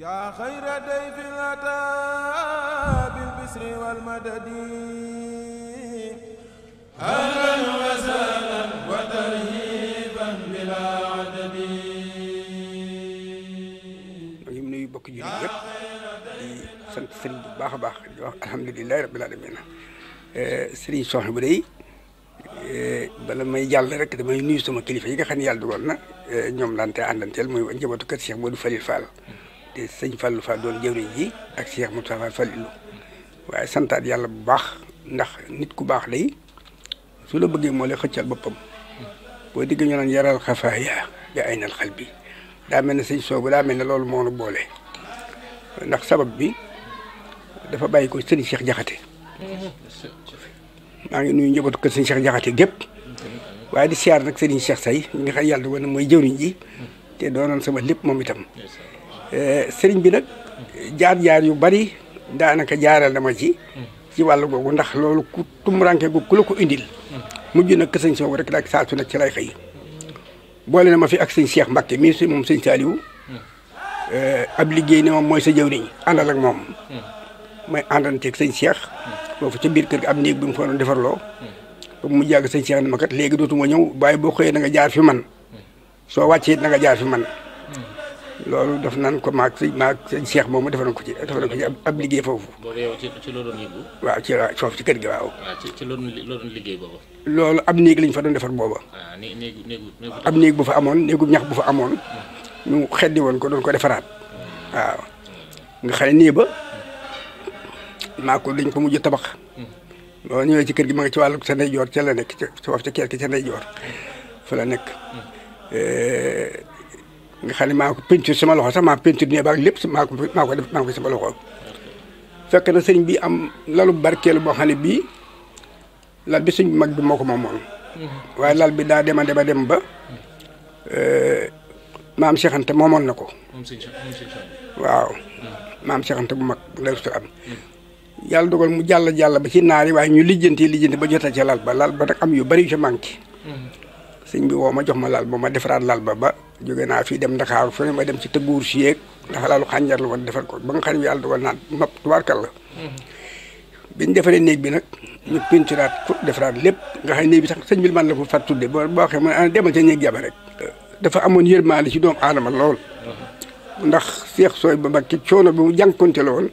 يا خير ديف الأتى بالبسر والمدد أهلا وسهلا وترهيبا بلا عدد نيو نيو بوك جيري ييب دي سانت سيرين بي باخا باخ الحمد لله رب العالمين إيه، سيرين صوخ بري إيه، بلا ماي يال رك داماي نيو سما كليفه ييغا خاني يال دوغالنا إيه، نيوم لانتي اندانتيل موي نجيبوتو كات شيخ مودو فليل فال te sëñ Fallou fa doon jëwriñ ji ak seex Cheikh Moustapha Fallou waaye santaat yàlla bu baax ndax nit ku baax lay su la bëggee moo lay xëccal boppam boo digg ñu naan yaral xafaaya bi aynal xel bi daa mel ne sëñ soobu daa mel ne loolu moo nu boole ndax sabab bi dafa bàyyi ko sëñ Cheikh Jaxate maa ngi nuyu njëbatu ko sëñ Cheikh Jaxate gépp waaye di siyaar nag sëriñ seex say ñi nga xam yàlla di woon mooy jëwriñ yi te doonoon sama lépp moom itam Eh, sëriñ bi nag jaar-jaar yu bari daanaka jaaral dama ci ci wàllu googu ndax loolu ku tumuranke gu ku la ko indil mujj nag sëñ soogu rek daak saa su nekk ci lay xëy boole na ma fi ak sëñ Cheikh Mbacke mii si moom sëñ Saliou eh, ab liggéey ne moom mooy sa jëwriñ àndal ak moom may àndanteeg sëñ Cheikh foofu ci biir kër gi am néeg bi mu fa doon defarloo ba mu jàgg sëñ Cheikh ne ma kat léegi dootuma ñëw waaye boo xëyee na nga jaar fi man soo wàccee na jaar fi loolu def nan ko maag sëñ maag sëñ Cheikh moomu def nañ ko ci def nañ ko ab liggéey foofu. boobu yow ci ci loolu doon yëngu. waaw ci waaw ci kër gi waaw. waaw ah, ci ci liggéey boobu. loolu ab néeg lañ fa doon defar booba. waaw néeg néeg ab néeg bu fa amoon néegu ñax bu fa amoon. ñu xeddi woon ko doon ko defaraat. Hmm. waaw hmm. nga xëy nii ba maa ko ko mujj tabax. Hmm. boo ñëwee ci kër gi ma nga ci wàllu sa ndeyjoor ca la nekk ca foofu ca kër gi ca ndeyjoor la nekk. Eh, nga xam ne maa ko peinture sama loxo sax maa peinture néeg ak lépp maa ko maa def maa sama loxo fekk na bi am lalu barkel boo xam ne bii lal bi sëñ mag bi moo ko moomoon waaye lal bi daa dema dem ba eh, maam Cheikh moomoon na waaw hmm. maam cheikhante bu mag la su am hmm. yàlla dogal mu jàll jàll ba ci naari waaye ñu lijjanti lijjanti ba jota ca lal ba lal ba nag am yu bari yu ca sëñ bi woo ma jox ma laal ba ma defaraat lal ba ba jóge naa fii dem Ndakaaru fu ma dem ci tëgguur si yeeg ndax lalu xànjar la woon ko ba nga xam ne yàlla dogal naan map tubaarkal la biñ defaree néeg bi nag ñu pinturaat ko defaraat lépp nga xam ne bi sax sëñ bi man la ko fat tudde boo boo waxee ma ah demal ca néeg jaba rek dafa amoon yërmaande ci doomu aadama lool ndax Seex Sooy ba Mbakke coono bi mu jànkonte la woon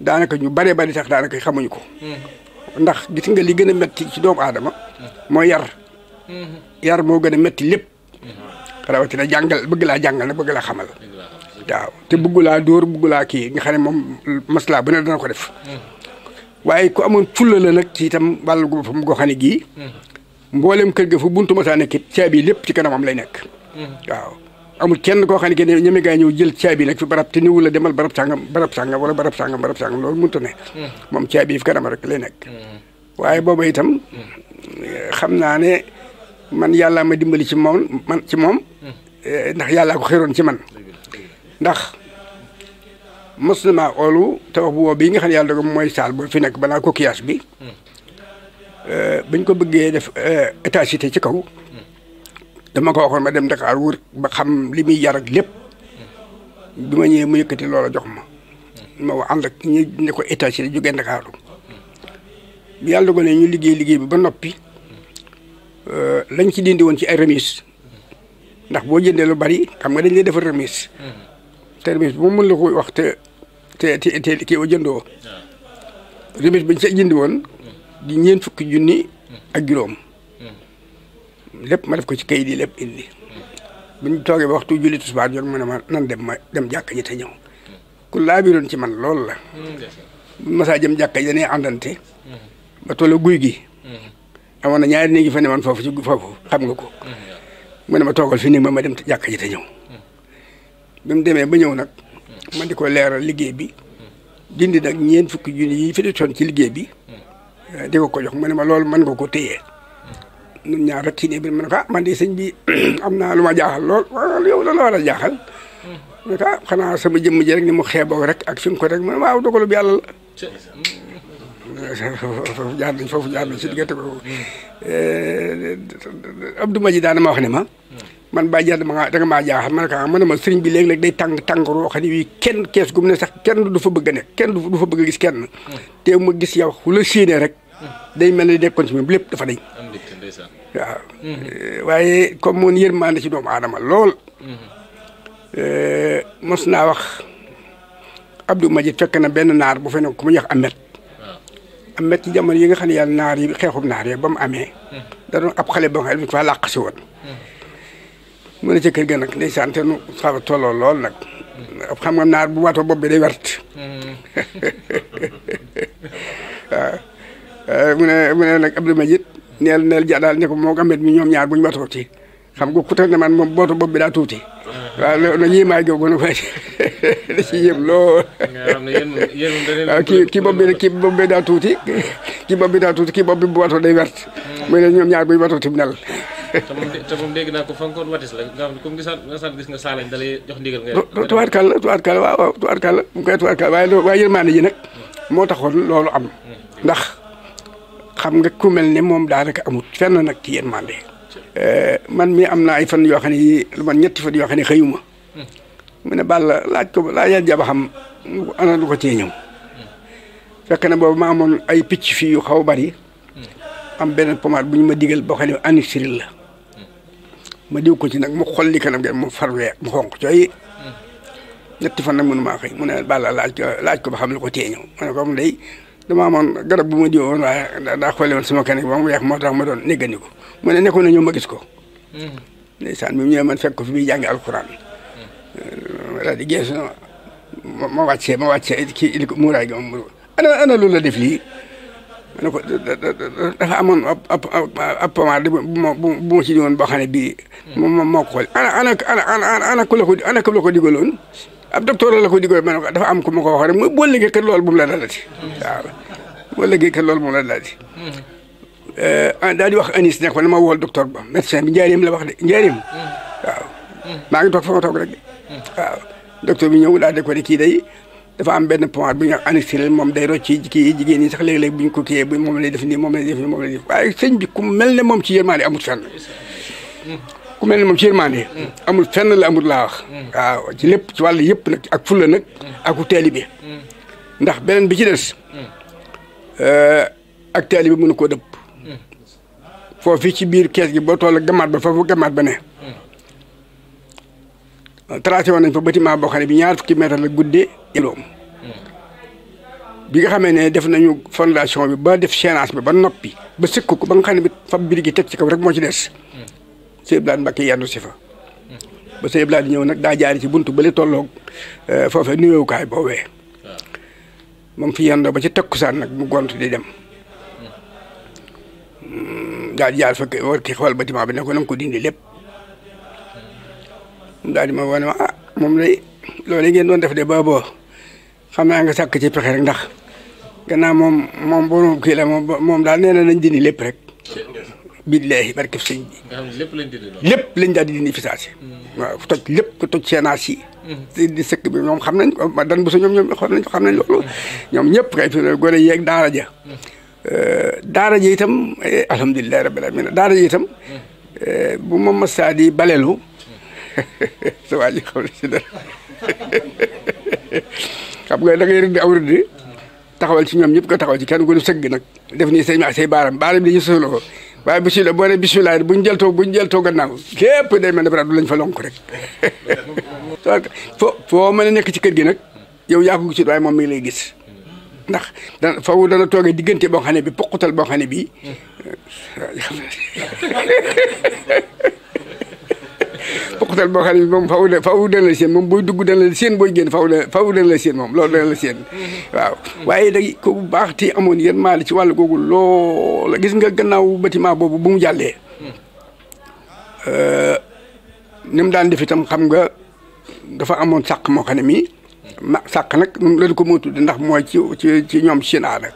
daanaka ñu bare bari sax daanaka xamuñu ko ndax gis nga li gën a metti ci doomu aadama moo yar yar moo gën a métti lépp rawatina jàngal bëgg laa jàngal nag bëgg laa xamal waaw te bëggu laa dóor bëggu laa kii nga xam ne moom maslaa bu ne dana ko def waaye ku amoon fulla la nag ci itam wàllu gu fam goo xam ne gii mboolem kër ga fu buntu masaa nekk caabi lépp ci kanamam lay nekk waaw amul kenn koo xam ne kenn ñeme gaa ñëw jël caabi nag fi barab te niwul la demal barab sàngam barab sàngam wala barab sàngam barab sàngam loolu mënut a ne moom caabi fi kanam lay nekk waaye booba itam hmm. xam naa ne man yalla ma dimbali ci mom man ci mom eh, ndax yalla ko xëroon ci man ndax muslima olu maa oolu te nga xam yalla yàlla dogal mooy saal bu fi nekk balaa coquillage bi eh, buñ ko bëgge def eh, état cité ci kaw dama ko waxon ma dem Dakar wër ba xam limi yar ak lepp bi ma mu yëkëti loolu jox ma ma wa and ak ñi ne ko état cité jógee Dakar yàlla ne ñu liggéey liggéey bi ba noppi Euh, lañ ci dindi woon ci ay remise ndax boo jëndee lu bari xam nga dañ lay defar remise mm-hmm. te remise bu mën la ko wax te te te te kii bañ ci jëndi woon mm-hmm. di ñeen fukki junni ak juróom mm-hmm. lépp ma def ko ci kayit yi lépp indi bu toogee ba waxtu julli tisbaar jot ma ne ma nan dem ma dem jàkka ji te ñëw ku laa ci man lool la bu masaa jëm jàkka ji dañuy àndante ba tollu guy gi amoon na ñaari néeg yi fan ne man foofu ci xam nga ko mm-hmm. mu ne ma toogal fi néeg ma ma dem jàkka ji te ñëw mm-hmm. bi mu demee ba ñëw nag mm-hmm. man di ko leeral liggéey bi dindi nag ñeent fukki junni yi fi di toon ci liggéey bi eh, di ko ko jox mu ne ma loolu man nga ko téye ñun ñaar rek ci ne bi ma ne ko ah man de sëñ bi am naa lu ma jaaxal lool waaw ne ko ah xanaa sama jëmm ji rek ni mu xeeboo rek ak fi mu ko rek mu ne waaw dogalu bi yàlla foofu jaar nañ foofu jaar nañ si diggante boobu eh, Abdou Maji daana ma wax ne ma man bàyyi jàll ma danga maa jaaxal ma ne ko ah, ma ne ma sëriñ bi léeg-léeg day tàng tàngaroo xam ne wii kenn kees gu mu sax kenn du fa bëgg a nekk kenn du fa bëgg a gis kenn te ma gis yow ku la séenee rek day mel ni nekkoon ci moom lépp dafa dañ waaw mm-hmm. eh, waaye comme moon yërmande ci doomu aadama lool mm-hmm. eh, mos naa wax Abdou Majid fekk na benn naar bu fay ne ku mu ñax amet am ci jamono yi nga xam ne naar yi xeexub naar yi ba mu amee. da doon ab xale ba nga xam ne dafa làq si woon. mu ne ci kër nag ndeysaan te nu a tolloo lool nag. xam nga naar bu waatoo bopp bi day wert. Mm-hmm. waaw mu ne mu ne nag Abdou Majid neel neel ja daal ne ko moo Amet mi ñoom ñaar buñu watoo xam nga ku tax ne man moom bootu bopp bi daa tuuti. waaw loolu nag yéemaay googu nag waaye da ciy yéem lool. waaw ah, kii kii bopp bi daa tuuti kii bopp bi daa tuuti kii bi bu watoo day wert. Hmm. muy ne ñoom ñaar buy watoo tim nal. te moom te moom naa ko fa nga ko watis la nga xam ne comme gisaat gisaat gis nga saalañ da lay jox ndigal nga. tuwaarkaal la tuwaarkaal waaw waaw tuwaarkaal la mu koy tuwaarkaal waaye loolu waaye yërmaane yi nag moo taxoon loolu am. Hmm. ndax xam nga ku mel ne moom daanaka amut fenn nag ci yërmaande Eh, man mi am na ay fan yoo xam ne lu man ñetti fan yoo xam ne xëyuma hmm. mu ne Balla laaj ko laajal jaba xam ana lu ko cee ñëw hmm. fekk na boobu ma amoon ay picc fii yu xaw bari hmm. am beneen pommade bu ñu ma digal boo xam ne anisiril la ma diw ko ci nag mu xolli kanam gi mu farwee mu xonq cooy ñetti fan nag mënu maa xëy mu ne Balla laaj ko laaj ba xam lu ko cee ñëw ma ne ko am dama amoon garab bu ma ji woon waaye daa xoole woon sama kanam ba mu weex moo tax ma doon néggandiku mu ne nekkoon na ñëw ma gis ko. Hmm. ndeysaan bi mu ñëwee man fekk ko fi muy jàngi alxuraan. Hmm. daal di gees ma ma wàccee ma wàccee kii indi ko muuraay gi moom ana ana loolu la def lii. ma ne ko dafa amoon ab ab pommade bu ma bu ma ci woon boo xam ne bii. Hmm. moom moo ko xool ana ana ana ana ku la ko ana ku la ko digaloon. ab docteur la ko digoon man dafa am ku ma ko wax rek mooy boo liggéey kat loolu bu mu la dalati waaw boo liggéey kat loolu bu mu la dalati. daal di wax anis nekk fa na ma wool docteur ba médecin bi njaareem la wax de njaareem. waaw maa ngi toog fa ma toog rek de. waaw docteur bi ñëw daal di ko ne kii day dafa am benn point bu ñu wax anis moom day rocc ci kii jigéen ñi sax léeg-léeg bu ñu ko kiiyee bu moom lay def nii moom lay def nii moom lay def waaye sëñ bi ku mel ne moom ci yërmaande amut fenn. ku ni moom ci yërmande amul fenn la amul laa wax waaw ci lépp ci wàll yépp nag ak fulla nag aku taalibe ndax beneen bi ci des eh, ak taalibe mënu koo dëpp foofu ci biir kees gi boo toll gamaat ba foofu gamaat ba ne tracé woon nañ fa bâtiment boo xam ne bi ñaar fukki mètre la guddee bi nga xamee ne def nañu fondation bi ba def chainage bi ba noppi ba sëkk ko ba nga xam ne bi fab gi teg ci kaw rek moo ci des sëñ mbakk Mbacke yendu si fa. ba sëñ Abdoulaye ñëw nag daa jaari ci buntu bële tolloog eh, foofee nuyuwukaay boobee. moom fi yendoo ba ci takkusaan nag mu gont di dem. Mm, daal di jaar fa war ki xool bâtiment bi ne ko na ko dindi lépp. daal di ma wane ma ah moom lay loolu ngeen doon def de ba xam naa nga sakk ci pexe rek ndax gannaa moom moom borom kii la moom moom daal nee nañ dindi lépp rek. billaahi barke sëñ bi. nga xam lépp lañ dindi lool. lépp lañ daal di dindi fi saa si. Mm. waaw toj lépp toj seenaas yi. Mm. di sëkk bi ñoom xam nañ ko dan bu sa ñoom ñoom xam nañ xam nañ mm. ñoom ñëpp kay fi gone yeeg daara ja. Eh, daara ja itam eh, alhamdulilah rabbil alamin daara ja itam. Eh, bu ma masaa di baleelu sa waa ji xam na nga da rëdd aw rëdd taxawal ci ñoom ñëpp nga taxawal ci kenn ku ne sëgg nag def nii say say baaram baaram bi dañuy sësaloo ko. waaye bu si la boo nee bisimilah bu ñu jëltoo bu ñu jëltoo gannaaw képp day mel ne bara du lañ fa lonk rek foo foo mën nekk ci kër gi nag yow yaa ko gisul waaye moom mi ngi lay gis ndax dana faw dana toogee diggante boo xam ne bi poqutal boo bi ne bii pokotal bo xali mom moom faaw la seen moom booy dugg dana la seen booy génn faaw da la seen moom loolu dana la seen waaw waye dag ko bu baax ti amone yeen mal la ci wàll googu la gis nga gannaaw bâtiment bobu bu mu jalle euh nim daan def itam xam nga dafa amone sàq mo xane mi mii nak mom la ko mo tudde ndax moy ci ci ñom china nak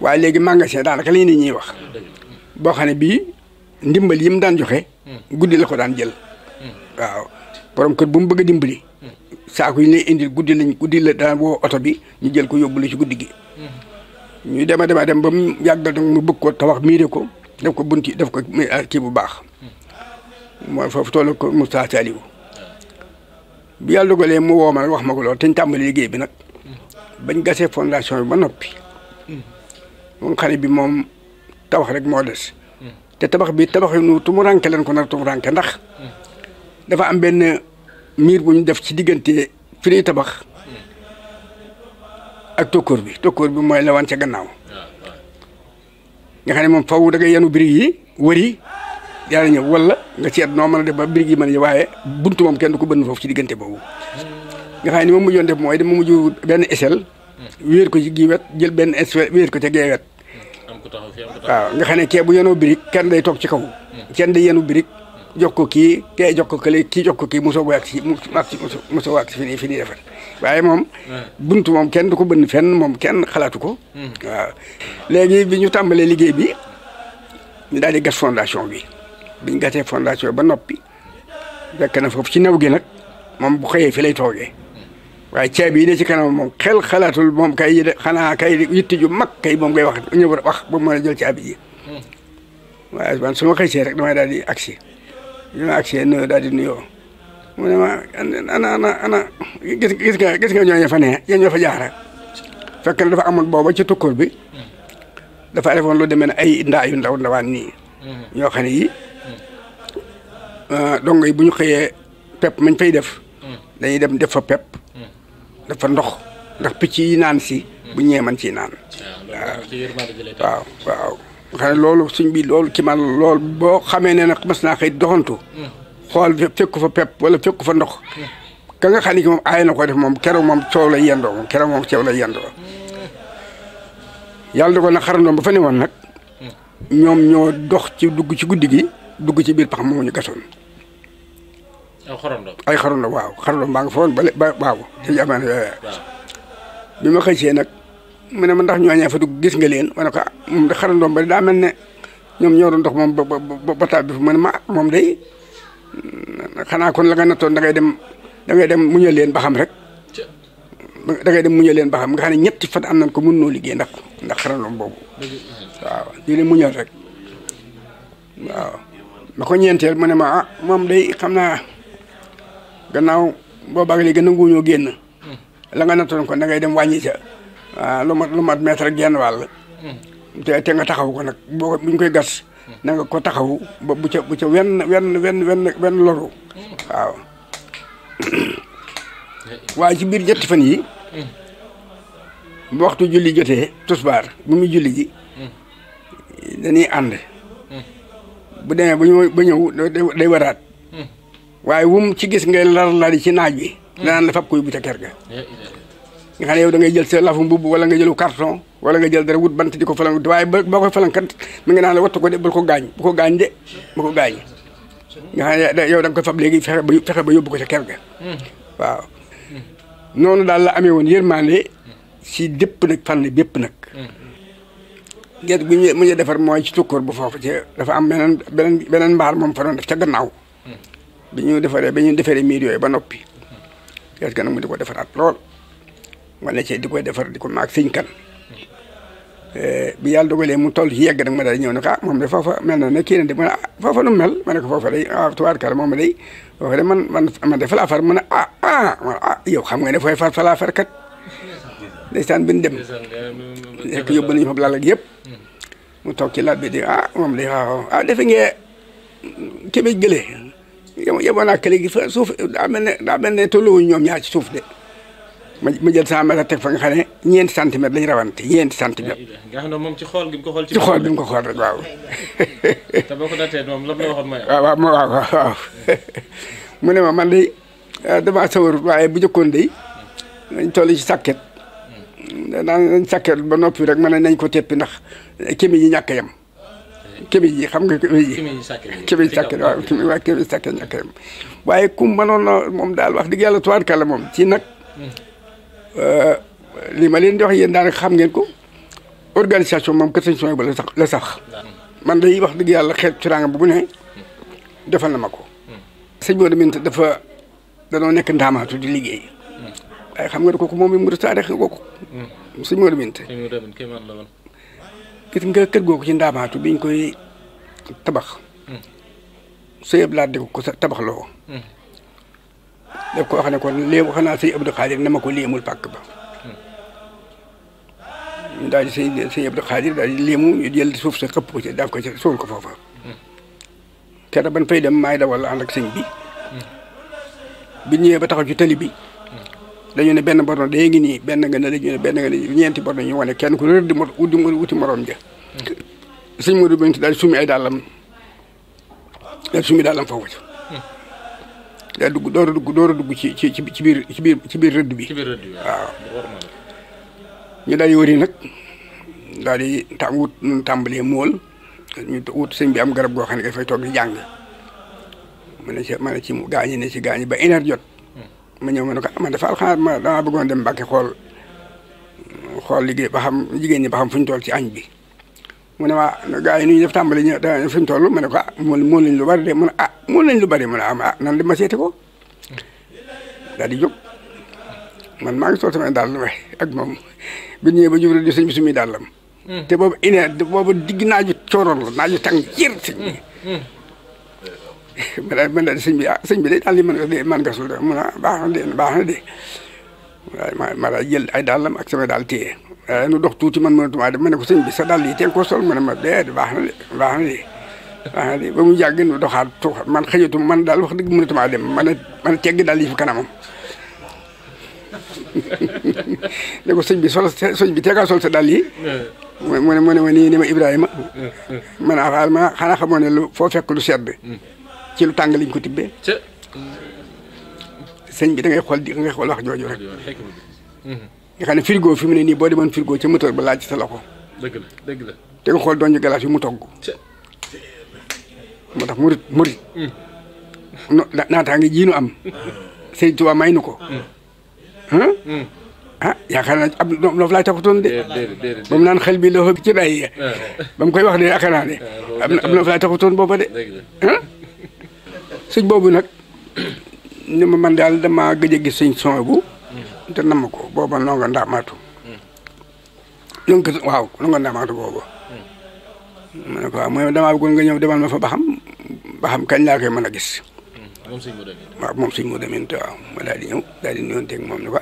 waye legi magasin daan daanaka li ni ñi wax bo xane bi ndimbal yim daan joxe guddi la ko daan jël waaw borom kër bu mu bëgg a dimbali. saako yi lay indil guddi lañ guddi la daan woo oto bi ñu jël ko yóbbu la ci guddi gi. ñu dema dema dem ba mu yàggal nag mu bëgg ko tabax miire ko def ko bunti def ko kii bu baax. mooy foofu toll ko Moussa Saliou. bi yàlla dogalee mu woo ma nag wax ma ko lool te ñu tàmbali liggéey bi nag. bañ gasee fondation bi ba noppi. moom xale bi moom tabax rek moo des. te tabax bi tabax yi nu tumurànke leen ko nar tumurànke ndax. dafa am benn miir bu ñu def ci diggante fi ñuy tabax ak tokkoor bi tokkoor bi mooy lawaan ca gannaaw nga xam ne moom faw da yenu yanu birig yi wëri yàlla ñëw wala nga seet noo mën a def ba birig yi mën a waaye bunt moom kenn ku bënn foofu ci diggante boobu nga xam ne ni ma mujjoon def mooy dama mujj benn échelle wéer ko ci gii wet jël benn échelle wéer ko ca gee wet waaw nga xam ne kee bu birig kenn day toog ci kaw hmm. kenn day yenu birig jox ko kii kee jox ko kële kii jox ko kii mosoo wàcc si mosoo wàcc si fi nii fi nii rafet waaye moom. buntu moom kenn du ko bënn fenn moom kenn xalaatu ko. Hmm. léegi bi ñu tàmbalee liggéey bi daal di gas bi bi ñu gasee ba noppi fekk na foofu ci naw gi nag moom bu xëyee fi lay toogee. waaye ceeb yi ne ci kanam moom xel xalaatul moom kay yi de xanaa kay yitti ju mag kay moom ngay wax ñëw wax ba mën a jël ci abi yi hmm. waaye man su ma xëy see rek damay daal di agsi bi ma agsee nuyoo daal di nuyoo mu ne ma ana ana ana gis gis gis nga ñooñu fa ne ñoo fa jaara fekk na dafa amoon booba ci tukkoor bi dafa defoon lu demee na ay ndaa yu ndaw ndawaan nii ñoo xam yi ah, dongo yi bu ñu xëyee pep mañ fay def dañuy dem def fa pepp def ndox ndax picc yi naan si bu ñeeman si naan waaw waaw xëy loolu suñ bi loolu ci man loolu boo xamee ne na mas naa xëy doxantu. xool fekku fa pep wala fekku fa ndox. ka nga xam ne moom aay na ko def moom keroog moom coow la yendoo moom keroog moom coow lay yendoo. yàlla da ko na xarandoom ba fa ne woon nag. ñoom ñoo dox ci dugg ci guddi gi dugg ci biir pax moomu ñu gasoon. ay xarandoom ay xarandoom waaw xarandoom baa nga fa waaw. bi ma xëy see nag. mu ne ma ndax ñooñee fa dugg gis nga leen ma ne ko ah, moom da xarandoom ba da melne ñom ñoo doon dox moom ba ba ba bi fu ma ah, mom day mm, xana kon la nga nattoon da ngay dem da ngay dem muñu leen ba xam rek da ngay dem muñu leen ba xam nga xam ñetti fat am nañ ko mënno noo ndax ndax xara ndom bobu waaw di le muñu rek waaw ma ko ñentel mu ne ma ah moom day xam naa gannaaw boo baag gëna nanguwuñoo genn hmm. la nga nattoon kon da ngay dem wañi ca waaw ah, lu mat lu mat mètre ak genn wàll. Hmm. te te nga taxaw ko nag boo buñ koy gas. Hmm. na nga ko taxaw ba bu ca bu ca wenn wenn wenn wenn wenn loru. Hmm. waaw waaye ci biir ñetti fan yi bu waxtu julli jotee tusbaar bu muy julli ji. dañuy ànd. bu demee ba ñëw ba ñëw day waraat. waaye wum ci gis ngay lar lari ci naaj bi. danaan la fab koy bu ca ker ga. nga da ngay jël sa lafu mbubb wala nga jëlu carton wala nga jël dara wut bant di ko ko falang kat mi nga naan da ko fab léegi fexe ba fexe ba yóbbu ko sa kër ga waaw noonu daal la amee woon yërmande si dépp nag fànn bépp nag gerte gi ñu mu ñu defar ci tukkur bu foofu ci dafa am beneen beneen beneen mbaar moom fa doon def ca gannaaw bi ñu defaree ba ñu defaree miir yooyu ba noppi gerte gi nag mu di ko defaraat lool ma cee di koy defar di ko maag sëñ kan eh, bi yàlla dogalee mu toll ci yegg nag ma daal ñëw ne ko ah, moom de foofa mel na ne kii na de ah, mu nu mel ma ne ko ah, de man man man de fa laa far mu ne ah ah ah yow xam nga ne fooy far fa far kat. ndeysaan bi ñu dem nekk yóbbu nañu fa lal ak mu toog ci laaj bi di ah moom day waaw ah defe ngeen kii bi gëlee kële suuf daa mel ne daa mel ne tolluwuñ ñaar ci suuf de. ma ma jël sama mètre teg fa nga xam ne ñeenti centimètres lañ rawante ñeenti centimètres. xam ne moom ci xool gi mu ko xool. rek waaw. te boo ko datee moom la mu la waxoon mooy. waaw waaw waaw mu ne ma man de euh, damaa sawar waaye bu njëkkoon de nañ toll ci sàkket. Hmm. daan nañ ba noppi rek mën nañ ko teppi ndax kémi yi ñàkk yam. kémi yi xam nga kémi yi. kémi yi sàkket yi kémi yi sàkket waaw kémi waaw kémi yi yam. waaye kum mënoon na moom daal wax dëgg yàlla tuwaat kàlla moom ci nag hmm. Euh, li ma leen di wax xam ngeen ko organisation moom kër Sëñ ba la sax la sax man day wax dëgg yàlla xeet teraanga bu ne defal na ma ko. sëñ Maodo Minta dafa danoo nekk ndaamaatu di liggéey. ay xam nga ne kooku moom mi mu retardé xëy kooku. sëñ Maodo Minta. gis nga kër googu ci ndaamaatu biñ koy tabax. Hmm. sëñ Abdoulaye di ko tabax loo. Hmm. daf ko wax ne ko léew xanaa sëñ Abdou Khadir na ma ko léemul pàkk ba daal di sëñ sëñ Abdou Khadir daal di léemu ñu jël suuf sa xëpp ko ci daf ko ci suul ko foofa keroog ban fay dem maay dawal ànd ak sëñ bi bi ñëwee ba taxaw ci tali bi dañu ne benn borno day ngi nii benn nga ne la ñu ne benn nga ne ñeenti borno ñu wane kenn ku rëdd mot uddi wuti morom ja sëñ Modou Bintu daal di sumi ay dàllam daal di sumi dàllam foofu daa dugg door a dugg door a dugg ci ci ci biir ci biir ci biir rëdd bi. ci biir rëdd bi waaw. ñu daal di wëri nag daal di tam wut nu tàmbalee mool ñu wut sëñ bi am garab goo xam ne dafay di jàng ma ne ci ma ne ci gaañi ne ci gaañi ba une heure jot. Hmm. ma ñëw ma ko man dafa alxaar ma damaa bëggoon dem Mbàkke xool xool liggéey ba xam jigéen ñi ba xam fu toll ci añ bi. mu ne ma gars ñu def tàmbali ñu fu toll ma ko ah, mool mool lu bari de mu ah. mun nañ lu bari mu ne ah ah nan di ma seeti ko daal di man maa ngi sol samay dàll waaye ak moom bi ñëwee ba jublu di sëñ bi sumi dàllam. Hmm. te boobu ina boobu digg naa ju cooroon la naa ju sëñ bi. ma hmm. hmm. daal man daal sëñ bi ah sëñ bi day daal di mën nga de mën nga ah, baax na de baax na de ma ma jël ay dàllam ak samay dàll téye nu dox tuuti man mënatumaa de ma ne ko sëñ sa dàll yi teg ko sol mu ne ma dee baax na de baax na de. ah li ba mu yàgg nu doxaat tuuxat man xëyatu man daal wax dëgg mënatumaa dem man a man a tegg daal yi fi kanamam ne ko sëñ bi sol sëñ bi teegaa sol sa daal yi mu ne mu ne ma nii ni ma Ibrahima man a ah, ma xanaa xamoo ne lu foo fekk lu sedd mm. ci lu tàng lañ ko tibbee sëñ bi da ngay xool di da ngay xool wax jooju rek mm-hmm. nga xam ne frigo fi mu ne nii boo demoon frigo ca moteur ba laaj sa loxo dëgg la dëgg la te nga xool doon ñu galaas yi mu togg moo tax murit murit ngi jiinu am Sëriñ Tuubaa may nu ko ah yaakaar naa ab loofu laay taxutoon de ba mu naan xel bi loxo bi day ah. ba mu koy wax de yaakaar naa de ab loofu laay taxutoon booba de sëñ boobu nag ni ma man daal dama gëj a gis sëñ son bu te ko booba noo nga ndaamaatu ñoo ngi waaw noo nga ndaamaatu booba mooy hmm. damaa bëggoon nga ñëw demal ma fa ba xam ba xam kañ laa koy mën a gis. Hmm. moom sëñ moo Aminta waaw moom sëñ Modou Aminta ma daal di ñëw daal di nuyoonteeg moom ni ko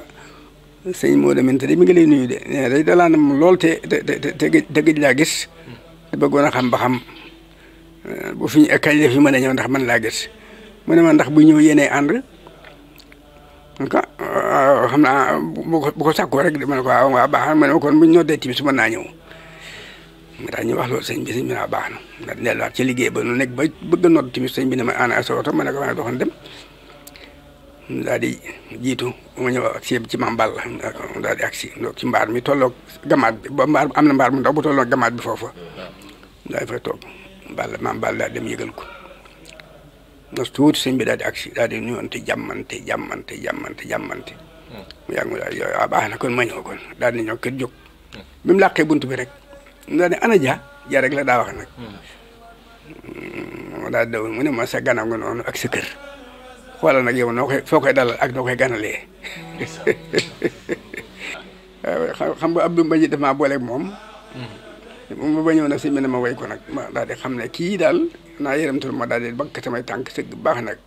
sëñ Modou Aminta de mi ngi nuyu de nee day dalaa nam lool te te te te laa gis. Hmm. te bëggoon a xam ba xam eh, bu fi ñu kañ la fi mën a ñëw ndax man laa gis mu ne ma ndax bu ñëw yenee ànd. ka ah, ah, naa bu ko bu ko sàkkoo rek dama ne ko waaw waaw baax ma ne kon bu ñu dee tamit su mën naa ñëw. mu daal ñu wax loolu sëñ bi sëñ bi baax na ndax ci liggéey ba nu nekk ba bëgg a nodd tamit bi na ma ana sa oto ma ne a ma ne doxoon dem daal jiitu ma ñëw ak si ci maam Balla daal di mi tolloog gamaat bi ba na mbaar mu ndaw bu tolloog gamaat bi foofa daal di fa toog Balla maam Balla daal bi daal ak si daal di nuyonte jàmmante jàmmante mu ah, baax na kon ma ñëw kon daal di ñëw kër jóg hmm. mu làqee bunt bi rek nda ne ana ja ja rek la da wax nak ma daal dawul mu ne ma sa ganam nga noonu ak sa keur xolal nak yow nokay fokay dalal ak nokay ganale xam nga Abdou Mbaye dama bolé mom mu ba ñew nak si ma way ko nak ma daal di xam ne dal na yeram yërëmtul ma daal di tamay tank seug bax nak,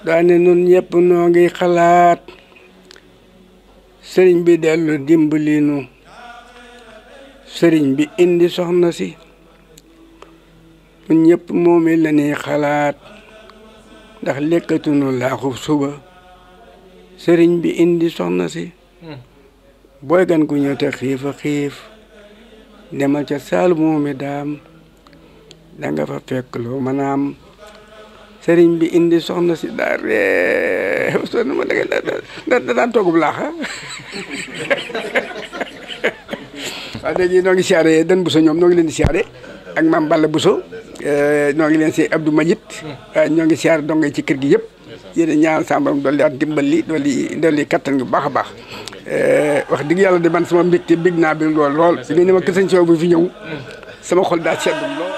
da ne nun ñepp ya no ngi xalaat serigne bi delu dimbali nu sëriñ bi indi soxna si ñëpp moom it la ñuy xalaat ndax lekkatunu laaxub suba sëriñ bi indi soxna si hmm. booy gan gu ñëw te xiif a xiif demal ca saalu moomi daam danga fa fekk loo maanaam sëriñ bi indi soxna si daa reew soxna ma danga da daan toogub laaxa waaw léegi noo ngi siyaare Dan Bousso ñoom noo ngi leen di siyaare ak maam Balla Bousso ñoo eh, ngi leen si Abdou Majid eh, ñoo ngi siyaare dongo ci kër gi yëpp yéen ñaan sambam dolli at dimbali dolli dolli kattan bu baax a baax eh, wax dëgg yàlla de man sama mbégte bég naa bi lool lool bi nga ne ma kër sëñ bu fi ñëw sama xol daa sedd